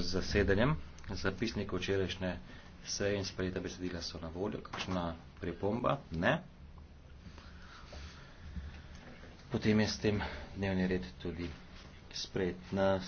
z zasedanjem. Zapisnik včerajšnje seje in sprejeta besedila so na voljo. Kakšna pripomba? Ne. Potem je s tem dnevni red tudi sprejet. Na